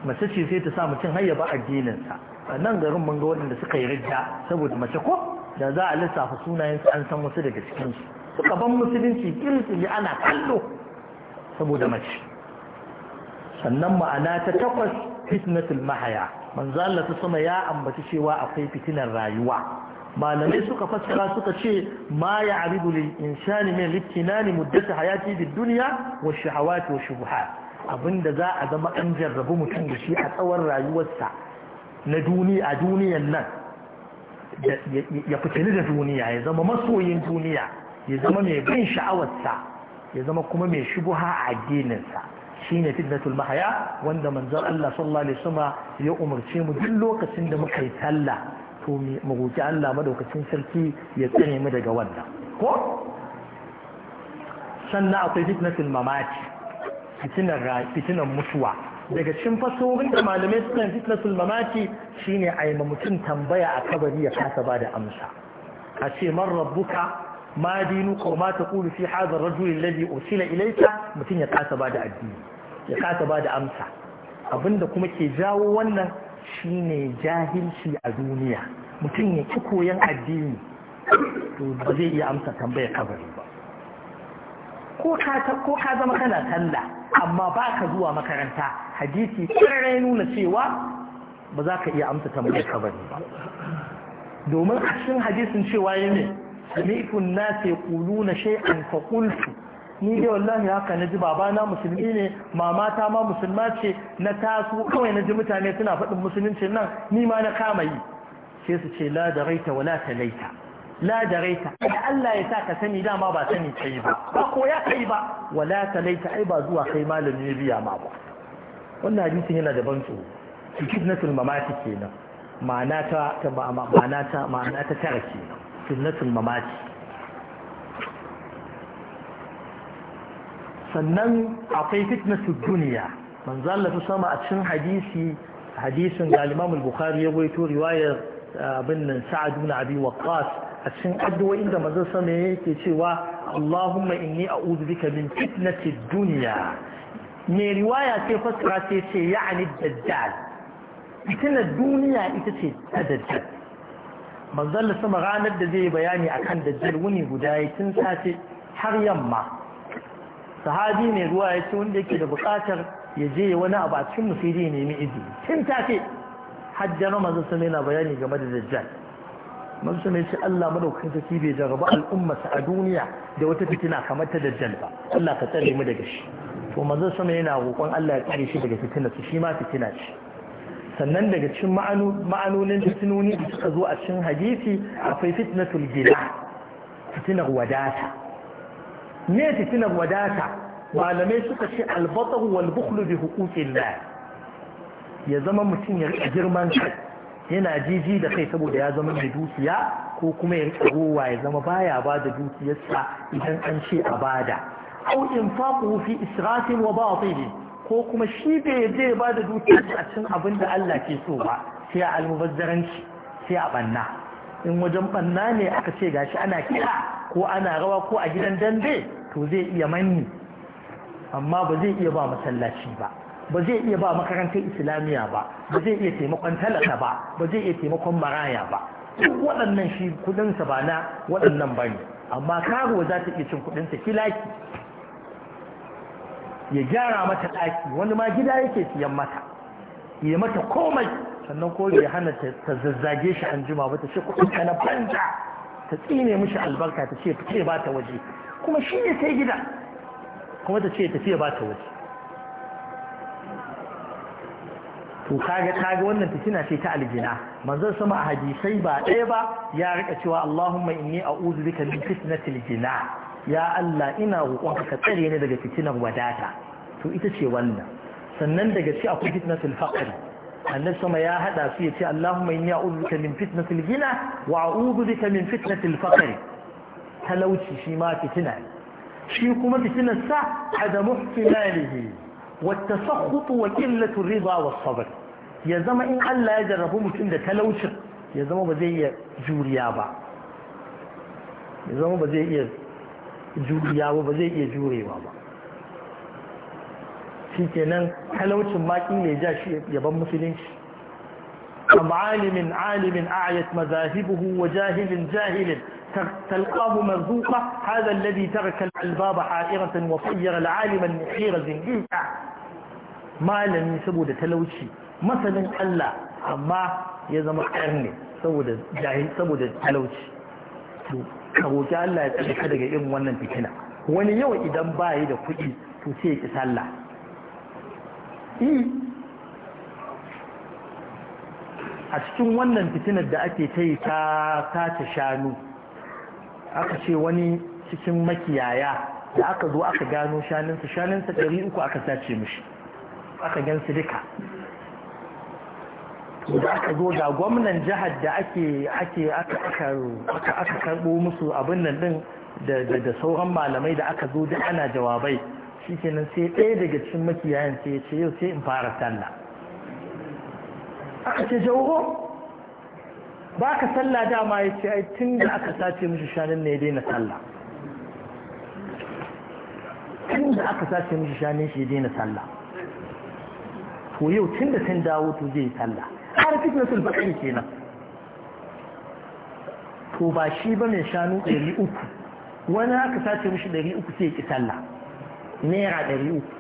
mace ce sai ta sa mutum har ya ba addininsa sa nan garin mun ga waɗanda suka yi rijiya saboda mace ko da za a lissafa sunayen an san wasu daga cikinsu suka ban musulunci kirkiri ana kallo saboda mace sannan ma'ana ta takwas fitnatul mahaya manzala ta sama ya ambaci cewa akwai fitinar rayuwa malamai suka fassara suka ce ma ya aridu lil insani min libtinani muddat hayati bid dunya wa shahawa wa shubuhat abinda za a zama an jarrabu mutum da shi a tsawon rayuwarsa na duniya a nan ya fitini da duniya ya zama masoyin duniya ya zama mai bin sha'awarsa ya zama kuma mai shubuha a addininsa shine fitnatul mahaya wanda manzon Allah sallallahu alaihi wasallam ya umarce mu duk lokacin da muka yi talla to mu roki Allah madaukakin sarki ya tsare mu daga wannan ko sannan akwai fitnatul mamati fitinar fitinar mutuwa daga cikin fasohin da malamai suka fitnatul mamati shine aima mutum tambaya a kabari ya kasa ba da amsa a ce man rabbuka ma dinuka wa ma taqulu fi hadha ar-rajul alladhi usila ilayka mutun ya kasa bada addini ya kasa bada amsa abinda kuma ke jawo wannan shine jahilci a duniya mutum ya ci koyan addini to ba zai iya amsa tambayar kabari ba ko ka zama kana talla amma ba ka zuwa makaranta hadisi kirrai nuna cewa ba za ka iya amsa tambayar kabari ba domin a cikin hadisin cewa yi ne سمعت الناس يقولون شيئا فقلت ni dai wallahi haka ji babana musulmi ne mamata ma musulma ce na taso kawai na ji mutane suna faɗin musulunci nan ni ma na kama yi sai su ce la da raita wala ta laita la da raita da Allah ya sa ka sani dama ba sani kai ba ba ko ya kai ba wala ta laita ai ba zuwa kai malami ne biya ma ba wannan hadisin yana da ban tsoro fitnatul mamati kenan ma'ana ta ma'ana ta ma'ana ta tara kenan sunnatul mamati sannan akwai fitnatul duniya manzo Allah sama a cikin hadisi hadisin da Imam al-Bukhari ya goyito riwayar abin nan Sa'ad ibn Abi Waqqas a cikin addu'o'in da manzo sama yake cewa Allahumma inni a'udhu bika min fitnatid dunya me riwaya ce fasara ce ce ya'ni dajjal fitnar duniya ita ce ta dajjal manzon sama ranar da zai bayani akan dajjal wuni guda ya tun sace har yamma sahabi ne ruwa ya ce wanda yake da bukatar ya je wani abu a cikin musiri ne mai izi tun safe hajjar manzon sama yana bayani game da dajjal manzon sama ya ce Allah madaukakin sarki bai jarraba al'ummarsa a duniya da wata fitina kamar ta dajjal ba Allah ka tsare mu daga shi to manzon sama yana roƙon Allah ya tsare shi daga su shi ma fitina ce sannan daga cikin ma'anonin fitinoni da suka zo a cikin hadisi akwai fitnatul gida fitinar wadata me fitinar wadata malamai suka ce albatar wal bukhlu bi huquqin ya zama mutum ya rika girman kai yana jiji da kai saboda ya zama mai dukiya ko kuma ya rika rowa ya zama baya ba da dukiyarsa idan an ce a bada au infaquhu fi israfin wa batilin ko kuma shi bai je ba da dutse a cin abin da Allah ke so ba sai a almubazzaranci sai a banna in wajen banna ne aka ce gashi ana kira ko ana rawa ko a gidan dambe to zai iya manni amma ba zai iya ba masallaci ba ba zai iya ba makarantar islamiyya ba ba zai iya taimakon talaka ba ba zai iya taimakon maraya ba duk waɗannan shi kudinsa ba na waɗannan ba ne amma karuwa za ta iya cin kudinsa kilaki ya gyara mata ɗaki wani ma gida yake siyan mata ya mata komai sannan ko ya hana ta zazzage shi an jima ba ta ce kuɗin ka na banza ta tsine mishi albarka ta ce fice ba ta waje kuma shi ne sai gida kuma ta ce tafiya ba ta waje to kaga kaga wannan ta kina ce ta aljina manzon sama a hadisai ba ɗaya ba ya rika cewa Allahumma inni a'udhu bika min fitnatil jina ya Allah ina roƙon ka tsare ni daga fitinar wadata to ita ce wannan sannan daga ci akwai fitnatul faqr annabi sama ya hada su yace Allahumma inni a'udhuka min fitnatil ghina wa a'udhu bika min fitnatil faqr talauci shi ma fitina shi kuma fitinar sa adamu ihtimalihi wa tasakhut wa qillatu ridha wa sabr ya zama in Allah ya jarrabu mutum da talaucin ya zama ba zai iya juriya ba ya zama ba zai iya juriya ba ba zai iya jurewa ba shi kenan talaucin maki mai ja shi yaban musulunci am alimin alimin ayat mazahibuhu wa jahilin jahilin تلقاه مرزوقا هذا الذي ترك الباب حائرة وصير العالم النحير زنجيكا ما لم يسبو تلوشي مثلا الله أما يزم قرني سبو جاهل سبو تلوشي ka roki Allah ya tsare ka daga irin wannan fitina wani yau idan ba yi da kuɗi to sai ya ƙi sallah a cikin wannan fitinar da ake ta yi ta sace shanu aka ce wani cikin makiyaya da aka zo aka gano shanunsa shanunsa ɗari aka sace mishi aka gansu duka to da aka zo da gwamnan jihar da ake ake aka aka karbo musu abin nan din da da sauran malamai da aka zo da ana jawabai shikenan sai ɗaya daga cikin makiyayan sai ya ce yau sai in fara sallah aka ce jawo ba ka sallah dama ya ce ai tun da aka sace mishi shanun ne ya daina sallah tun da aka sace mishi shanun shi ya daina sallah to yau tun da sun dawo to zai sallah tsara fitnatul bakari kenan to ba shi ba mai shanu ɗari uku wani haka sace mishi ɗari uku sai ki sallah naira ɗari uku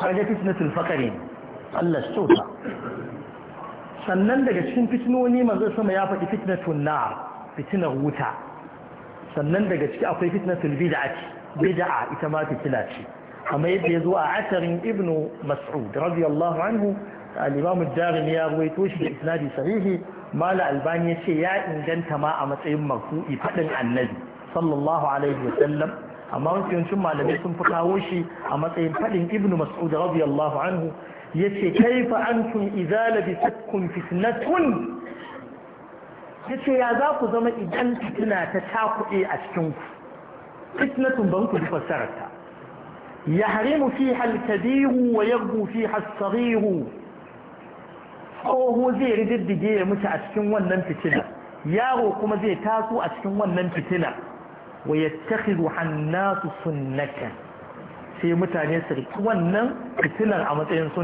kaga fitnatul fakari Allah sauta sannan daga cikin fitnoni manzo sama ya faɗi fitnatul nar fitnar wuta sannan daga ciki akwai fitnatul bid'ati bid'a ita ma fitila ce kamar yadda ya zo a asarin ibnu mas'ud radiyallahu anhu al-imam ad-darimi ya ruwaito shi da isnadi sahihi mala albani ya ce ya inganta ma a matsayin marfu'i fadin annabi sallallahu alaihi wa sallam amma wasu yawancin malamai sun fi kawo shi a matsayin fadin ibnu mas'ud radiyallahu anhu yace kaifa antum idza labisatkum fitnatun yace ya za ku zama idan fitina ta takuɗe a cikin ku fitnatun ban ku fassararta يحرم فيها الكبير ويرجو فيها الصغير tsoho zai rididdige ya mutu a cikin wannan fitina yaro kuma zai taso a cikin wannan fitina wa yattakhidhu hannasu sunnatan sai mutane su riki wannan fitilar a matsayin